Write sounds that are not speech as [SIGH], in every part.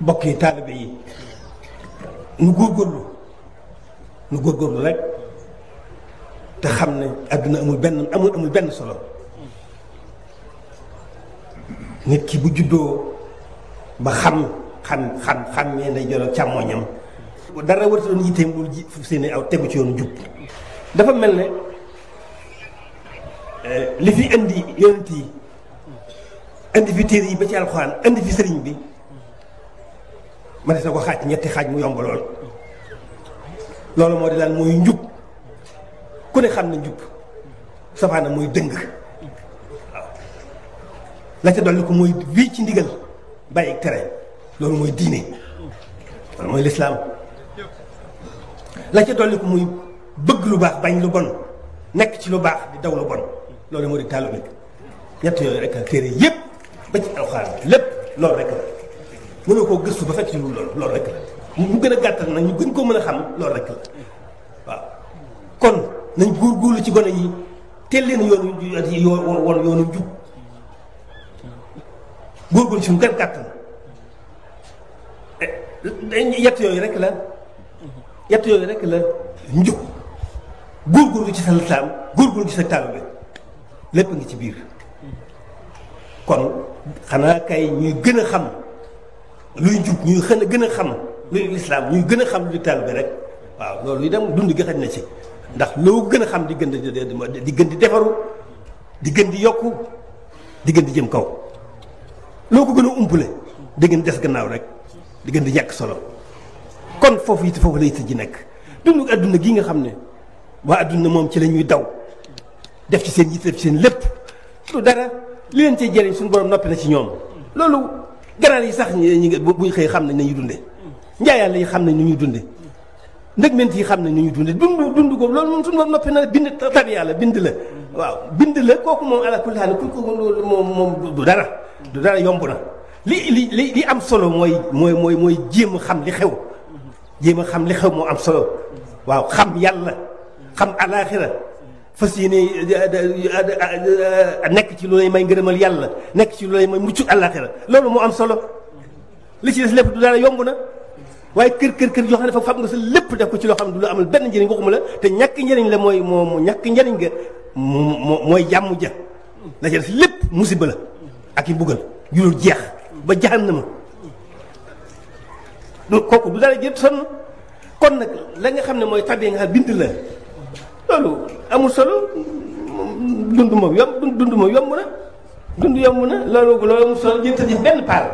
mbokk yi taalibe yi nu góorgóorlu nu góorgóorlu rek te xam ne àdduna amul benn amul benn solo nit ki bu juddoo ba xam xam xam xam ñee nday joro càmmooñam dara warta doon yitteem lu ji fu seeni aw tegu ci yoonu jub dafa mel ne eh, li fi indi yonent yi indi fi téere yi ba ci alxuraan indi fi sëriñ bi man dina ko xaaj ñetti xaaj mu yomb lool loolu moo di lan mooy njub ku ne xam na njub safaana mooy dëng la ca dolli ko mooy wii ci ndigal bàyyi tere loolu mooy diine loolu mooy lislaam la ca dolli ko muy bëgg lu baax bañ lu bon nekk ci lu baax di daw lu bon loolu moo di tàllu bi ñett yooyu rek la téere yépp ba ci alxuraan lépp loolu rek la mënoo koo gëstu ba fekk ci loolu loolu rek la mu gën a gàttal nag ñu gën koo mën a xam loolu rek la waaw kon nañ góorgóorlu ci gone yi teel leen yoonu yoon yoonu njub góorgóorlu ci mu gën gàttal yett yooyu rek la yett yooyu rek la njub góorgóorlu ci sa lislaam góorgóorlu ci sa lépp ngi ci biir kon xanaa kay ñuy gën a xam luy jub ñuy xën a gën a xam luy lislaam ñuy gën a xam luy taalibe rek waaw loolu itam dund gi na ci ndax loo gën a xam di gën di di gën di defaru di gën di yokku di gën di jëm kaw loo ko gën a umpule di gën des gannaaw rek di gën di ñàkk solo kon foofu it foofu la it ji nekk dund adduna gi nga xam ne waa adduna moom ci lañuy daw def ci seen yitte def ci seen lépp lu dara li leen cee jëriñ suñu borom noppi na ci ñoom loolu ganaar yi sax ñi ñi ñu xëy xam nañ nañuy dunde njaayàlla yi xam nañ nu ñuy dunde ndëgment yi xam na nu ñuy dunde dund dund ko loolu moom suñu borom noppi na bind tab bind la waaw bind la kooku moom ala kulli ku ko loolu moom moom du dara du dara yomb na li li li am solo mooy mooy mooy mooy jéem a xam li xew jéem a xam li xew moo am solo waaw xam yàlla xam alaaxira fas yéene nekk ci lu lay may ngërëmal yàlla nekk ci lu lay may mucc la loolu moo am solo li ci des lépp du dara yomb na waaye kër kër kër yoo xam ne fa fab nga sa lépp def ko ci loo xam ne du la benn njëriñ waxuma la te ñàkk njëriñ la mooy moo ñàkk njëriñ nga mooy jàmm ja lépp musiba i mbugal jeex ba jahannama du kooku du dara jël sonn kon nag la nga xam ne mooy tabe nga xam bind la loolu amul solo dund moom yomb dund moom yomb na dund yomb na loolu loolu amul solo jënd ci benn paal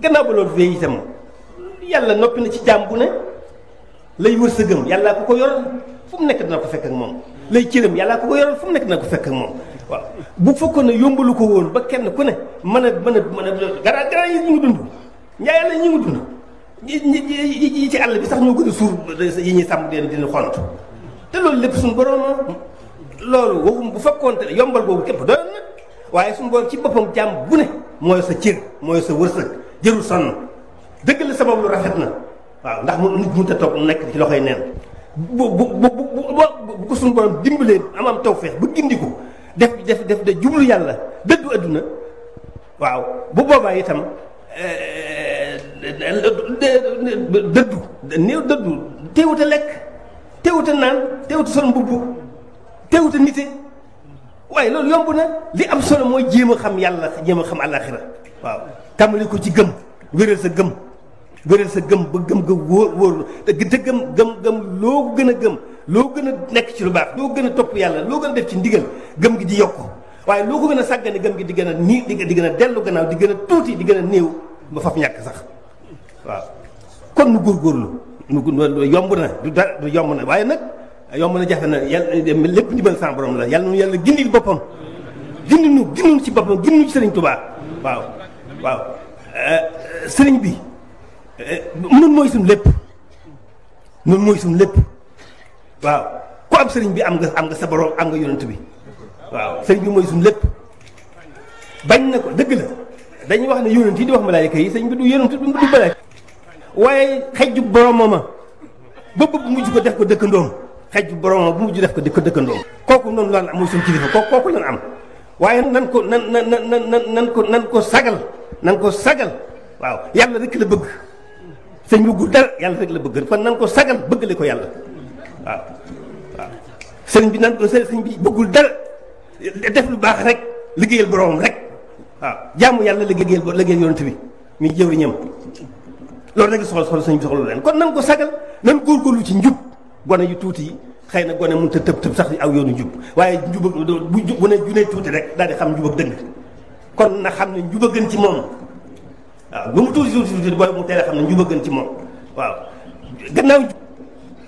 gannaaw ba loolu fee itam yàlla noppi na ci jaam ne lay wërsëgam yàllaa ko ko yoral fu mu nekk dina ko fekk ak moom lay cëram yàllaa ko ko yoral fu mu nekk dina ko fekk ak moom waaw bu fekkoon ne yombalu ko woon ba kenn ku ne mën a mën a mën a gara gara yi ñu ngi dund ñaa yàlla ñu ngi dund ñi ñi ci àll bi sax ñoo gën a suur yi ñuy sàmm di leen di leen xont te loolu lépp suñu borom loolu waxum bu fekkoonte ne yombal boobu képp doyoon na waaye suñu borom ci boppam jàmm bu ne mooy sa cër mooy sa wërsëg jërul sonn dëgg la sabab rafet na waaw ndax mu nit mënut a toog nekk ci loxoy neen bu bu am am tawfeex bu gindiku def def def de jublu yàlla dëddu adduna waaw bu boobaa itam eh, eh, dëddu néew dëddu teewut lekk. teewut a naan teewut a sol mbubb teewut a nite waaye loolu yomb na li am solo mooy jéem a xam yàlla jéem a xam àllaaxira waaw tàmbali ko ci gëm wéral sa gëm wéral sa gëm ba gëm ga wóor wóor te gëm gëm gëm loo gën a gëm loo gën a nekk ci lu baax loo gën a topp yàlla loo gën a def ci ndigal gëm gi di yokk waaye loo ko gën a sàggane gëm gi di gën a nii di gën a dellu gannaaw di gën a tuuti di gën a néew ba faf ñàkk sax waaw kon nu góorgóorlu yomb na du da du yomb na waaye nag yomb na jafe na yàlla lépp ndimbal sa borom la yàlla nu yàlla gindil boppam gindi nu gindinu ci boppam gindinu ci sëriñ Tuubaa waaw waaw euh, sëriñ bi euh, nun mooy suñu lépp nun mooy suñu lépp waaw ku am sëriñ bi am nga am nga sa borom am nga yonent bi waaw sëriñ bi mooy suñu lépp bañ na ko dëgg la dañuy wax ne yonent yi di wax malaayika yi sëriñ bi du yonent du du malaayika waye xejju boromama ba bu mujj ko def ko ndom xejju boromama bu mujj def ko dekk ko dëkkandoom kooku noonu lan mooy suñu kilifa koku koku la am waye nan ko nan nan nan nan ko nan ko sagal nan ko sagal waaw yalla rek la bëgg sëñ bu dara yalla rek la bëgg fa nan ko sagal bëgg liko yalla waaw señ bi nan ko señ bi bëggul dal def lu baax rek liggéeyal borom rek waaw jaamu yàlla bo liggéeyal yonent bi mi jëwriñam loolu rek soxla soxla sëñ bi soxla leen kon nan ko sagal nan góorgóorlu ci njub gone yu tuuti xëy na gone mun ta tëb tëb sax aw yoonu njub waaye njub bu bu ne junee tuuti rek daal di xam njub kon na xam ne njub a gën ci moom waaw lu mu tuuti tuuti tuuti mu teel a xam ne njub gën ci moom waaw gannaaw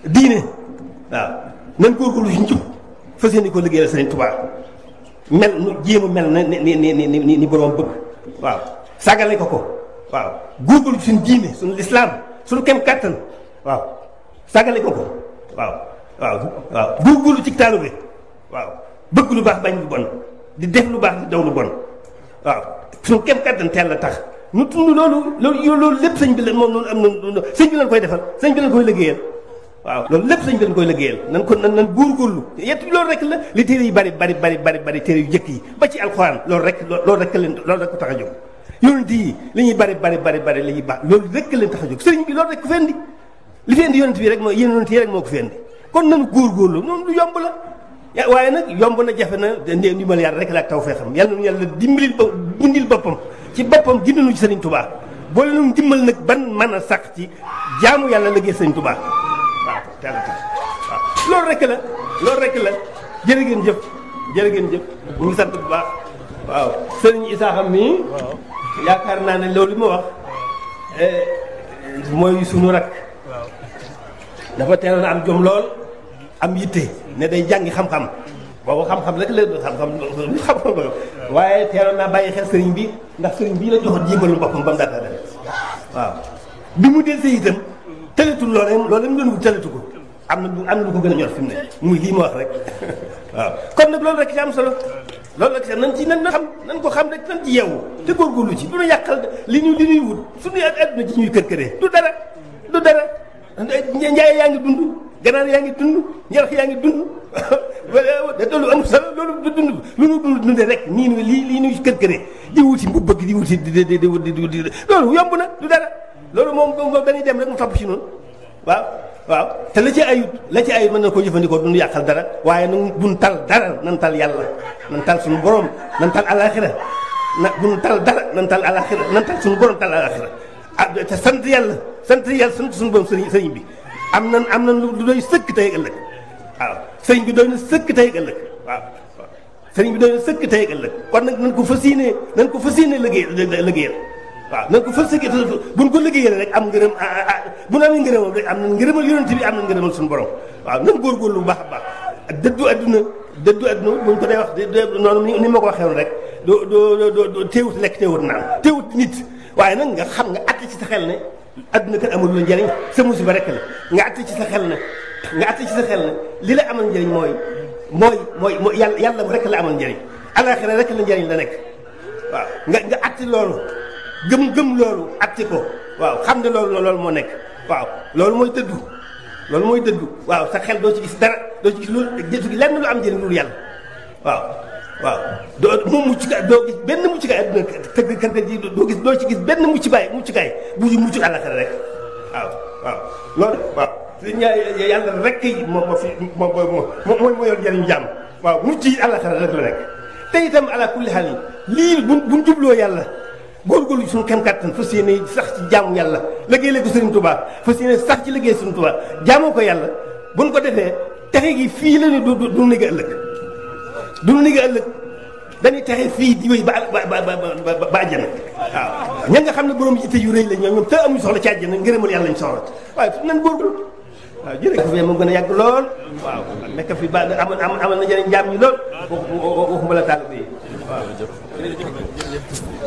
diine waaw nan góorgóorlu ci njub fas yéene ko liggéeyal sëriñ Tuubaa mel jéem mel na ni ni ni ni ni boroom bëgg waaw sagale ko ko waaw guugul suñ diine suñu lislaam suñu kem kàttan waaw sàggale ko ko waaw waaw waaw guugulu ci taalube waaw bëgg lu baax bañ lu bon di def lu baax di daw lu bon waaw suñu kem kàttan teel la tax ñu tund loolu loolu loolu lépp sëñ bi leen moom noonu am na sëñ bi leen koy defal sëñ bi leen koy liggéeyal waaw loolu lépp sëñ bi leen koy liggéeyal nan ko nan nan góorgóorlu yett loolu rek la li téere yi bari bari bari bari bari téere yu jëkk yi ba ci alxuraan loolu rek loolu rek leen loolu rek ko tax a jóg yonent yi li ñuy bari bari bari bari li ñuy baax loolu rek leen tax a jóg sëriñ bi loolu rek fendi li fendi yonent bi rek mooy yéen yonent yi rek moo ko fendi kon nañu góorgóorlu noonu lu yomb la waaye nag yomb na jafe na ndéem dimbal yàlla rek la ak taw fee xam yàlla nañu yàlla dimbalil ba boppam ci boppam ginduñu ci sëriñ Touba boole nu dimbal nag ban man a sax ci jaamu yàlla la sëriñ Touba waaw teel loolu rek la loolu rek la jërë ngeen jëf jërë ngeen jëf ñu ngi sant bu baax waaw sëriñ Isaaxa mii yaakaar naa ne loolu li ma wax eh, mooy sunu rakk dafa teeloon am jom lool am yitte ne day jàngi xam-xam boobu xam-xam rek la xam-xam xam-xam la waaye teeloon naa bàyyi xel sëriñ bi ndax sëriñ bii la joxoon jébalu boppam ba mu daan def waaw bi mu del see itam tëlatul loolu rek loolu mu doon wut ko am na am na lu ko gën a ñor fi mu ne muy lii ma wax rek [LAUGHS] waaw kon nag loolu rek ci am solo loolu nag sax nan ci nan xam nan ko xam rek nan ci yeewu te góorgóorlu ci du ñu yàqal li ñu li ñuy wut suñu ak àdduna ci ñuy kër këree du dara du dara njaay yaa ngi dund ganaar yaa ngi dund njarax yaa ngi dund loolu [LAUGHS] am solo loolu du dund lu ñu dund dundee rek nii nii lii lii ñuy kër këree di wuti bu bëgg di wuti di di di di loolu yomb na du dara loolu moom moom dañuy dem rek mu topp ci noonu waaw waaw te la ci ayut la ci ayut mën na koo jëfandikoo duñu yàqal dara waaye nu buñ tal dara nan tal yàlla nan tal suñu borom nan tal alaxira na buñ tal dara nan tal alaxira nan tal suñu borom tal alaxira ah te sant yàlla sant yàlla sant suñu borom sëriñ sëriñ bi am nan am nan lu doy sëkk tey ëllëg waaw sëriñ bi doy na sëkk tey ëllëg waaw sëriñ bi doy na sëkk tey ëllëg kon nag nan ko fas yéene nan ko fas yéene liggéey liggéeyal waaw nañ ko fas bu buñ ko liggéeyee rek am ngërëm ah, ah, ah, bu ñu amee ngërëmam rek am na ngërëmal yonent bi am na ngërëmal suñu borom waaw nañ góorgóorlu bu baax a baax dëddu adduna dëddu adduna buñ ko dee wax noonu ni ma ko waxee woon rek doo doo doo teewut lekk teewut naan teewut nit waaye nag nga xam nga àtte ci sa xel ne adduna kat amul lu njëriñ sa musiba rek la nga ci sa xel ne nga àtte ci sa xel ne li la amal njëriñ mooy mooy mooy mooy yàlla yàlla rekk la amal njëriñ alaxira rek la njëriñ la nekk waaw nga nga àtte loolu gëm gëm loolu acté ko waaw xam ne loolu loolu moo nekk waaw loolu mooy dëddu loolu mooy dëddu waaw sax xel doo ci gis dara doo ci gis lu gisu lenn lu am njëriñ lu yàlla waaw waaw doo moom mucc kaay doo gis benn mucc kaay adduna tëgg kër ji doo gis doo ci gis benn mucc baay mucc kaay bu ji mucc àllaxira rek waaw waaw loolu waaw li ñu yàlla rek yi moom moo fi moom moo moo yor njëriñ jàmm waaw mucc yi àllaxira rek la nekk te itam ala kulli bu bu jubloo yàlla góorgóorlu ci suñu kem kàttan fas yéene sax ci jaamu yàlla liggéeyal ko Serigne Touba fas yéene sax ci liggéey Serigne Touba jaamoo ko yàlla buñ ko defee texe gi fii la ñu du du du nigga ëllëg du nigga ëllëg dañuy texe fii di wéy ba ba ba ba ba àjjana waaw ña nga xam ne borom yitte yu rëy la ñoom ñoom te amuñu soxla ci àjjana ngërëmal yàlla lañu soxla waaye fu nan góorgóorlu waaw jërëjëf moom gën a yàgg lool waaw nekk fi ba amal amal na njëriñ njaam ñi lool waxuma la taal bi waaw